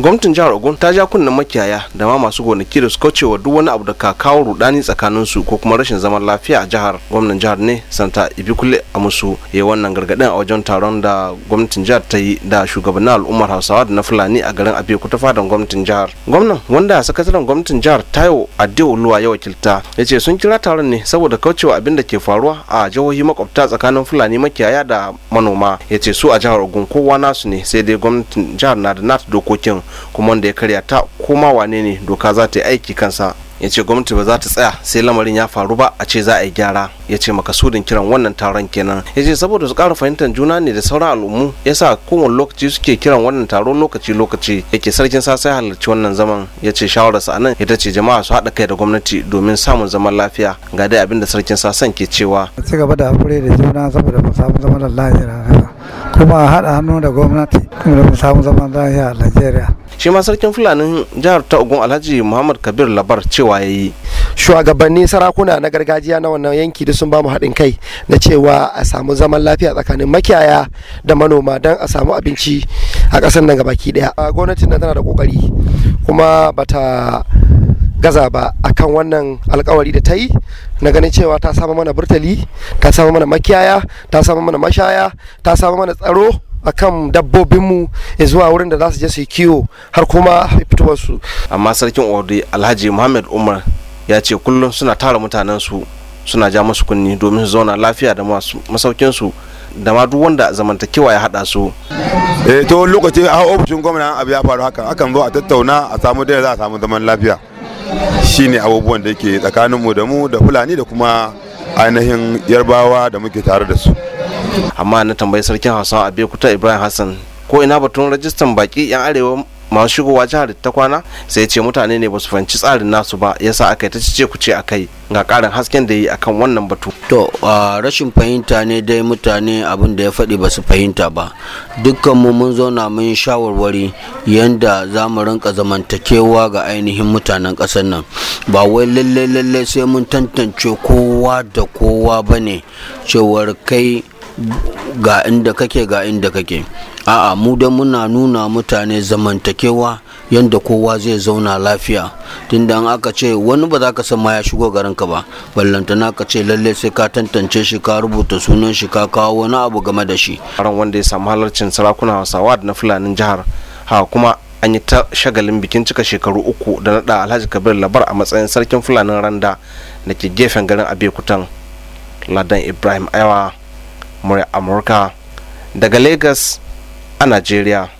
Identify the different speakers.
Speaker 1: gwamnatin jihar ogun ta ja kunnen makiyaya da ma masu gonaki da su kaucewa duk wani abu da ka kawo rudani tsakanin su ko kuma rashin zaman lafiya a jihar gwamnan jihar ne santa ibikule a musu ya wannan gargadin a wajen taron da gwamnatin jihar ta yi da shugabannin al'ummar hausawa da na fulani a garin abeku ta fadan gwamnatin jihar gwamnan wanda sakataren gwamnatin jihar tayo luwa ya wakilta ya ce sun kira taron ne saboda kaucewa abin da ke faruwa a jihohi makwabta tsakanin fulani makiyaya da manoma ya ce su a jihar ogun kowa nasu ne sai dai gwamnatin jihar na da nata dokokin kuma wanda ya karya ta koma wane ne doka za ta yi aiki kansa ya ce gwamnati ba za ta tsaya sai lamarin ya faru ba a ce za a yi gyara ya ce makasudin kiran wannan taron kenan ya ce saboda su kara fahimtar juna ne da sauran al'ummu ya sa kowane lokaci suke kiran wannan taron lokaci lokaci ya ke sarkin sa sai halarci wannan zaman ya ce shawararsa anan ita ce jama'a su haɗa kai da gwamnati domin samun zaman lafiya ga dai abin da sarkin sasan ke cewa
Speaker 2: ci gaba da hakuri da juna saboda mu samu zaman lafiya kuma haɗa hannu da gwamnati kuma mu samu zaman lafiya a Najeriya
Speaker 1: shi ma sarkin Fulani jihar ta ogun alhaji muhammad kabir labar cewa ya yi
Speaker 2: shugabanni sarakuna na gargajiya na wannan yanki da sun ba mu haɗin kai na cewa a samu zaman lafiya tsakanin makiyaya da manoma don a samu abinci a ƙasar nan gabaki ɗaya gwamnatin nan tana da ƙoƙari kuma bata gaza ba akan wannan alkawari da ta yi na ganin cewa ta samu mana burtali ta samu mana makiyaya ta samu mana mashaya ta samu mana tsaro akan dabbobinmu ya zuwa wurin da za su je su yi kiwo har kuma fitowarsu
Speaker 1: amma sarkin ordi alhaji muhammad umar ya ce kullum suna tara mutanensu suna ja masu kunni domin su zauna lafiya da masaukinsu da
Speaker 3: ma duk wanda zamantakewa ya hada su. eh to lokacin a ofishin gwamna abu ya faru haka akan zo a tattauna a samu da za a samu zaman lafiya shine abubuwan da ke tsakaninmu da mu da fulani da kuma ainihin yarbawa da muke tare da su.
Speaker 1: amma na tambayi sarkin hausa a bekuta ibrahim hassan ko ina batun rajistan baki yan arewa masu shigowa jihar ta kwana sai ce mutane ne ba su fahimci tsarin nasu ba yasa aka yi ta cice ce a kai
Speaker 3: ga karin hasken da yi akan wannan batu to rashin fahimta ne dai mutane abin da ya faɗi ba su fahimta ba dukkan mu mun zauna mun yi shawarwari yanda za mu rinka zamantakewa ga ainihin mutanen ƙasar nan ba wai lalle lalle sai mun tantance kowa da kowa ba ne cewar kai ga inda kake ga inda kake a'a mu da muna nuna mutane zamantakewa yadda kowa zai zauna lafiya tunda an aka ce wani ba za ka san ma ya shigo garin ka ba ballantana ka ce lalle sai ka tantance shi ka rubuta sunan shi ka kawo wani abu game da shi ran wanda ya samu halarcin sarakuna hausawa da na fulanin jihar ha kuma an yi
Speaker 1: ta shagalin bikin cika shekaru uku da naɗa alhaji kabir labar a matsayin sarkin fulanin randa da ke gefen garin abekutan ladan ibrahim aiwa murya amurka daga lagos a nigeria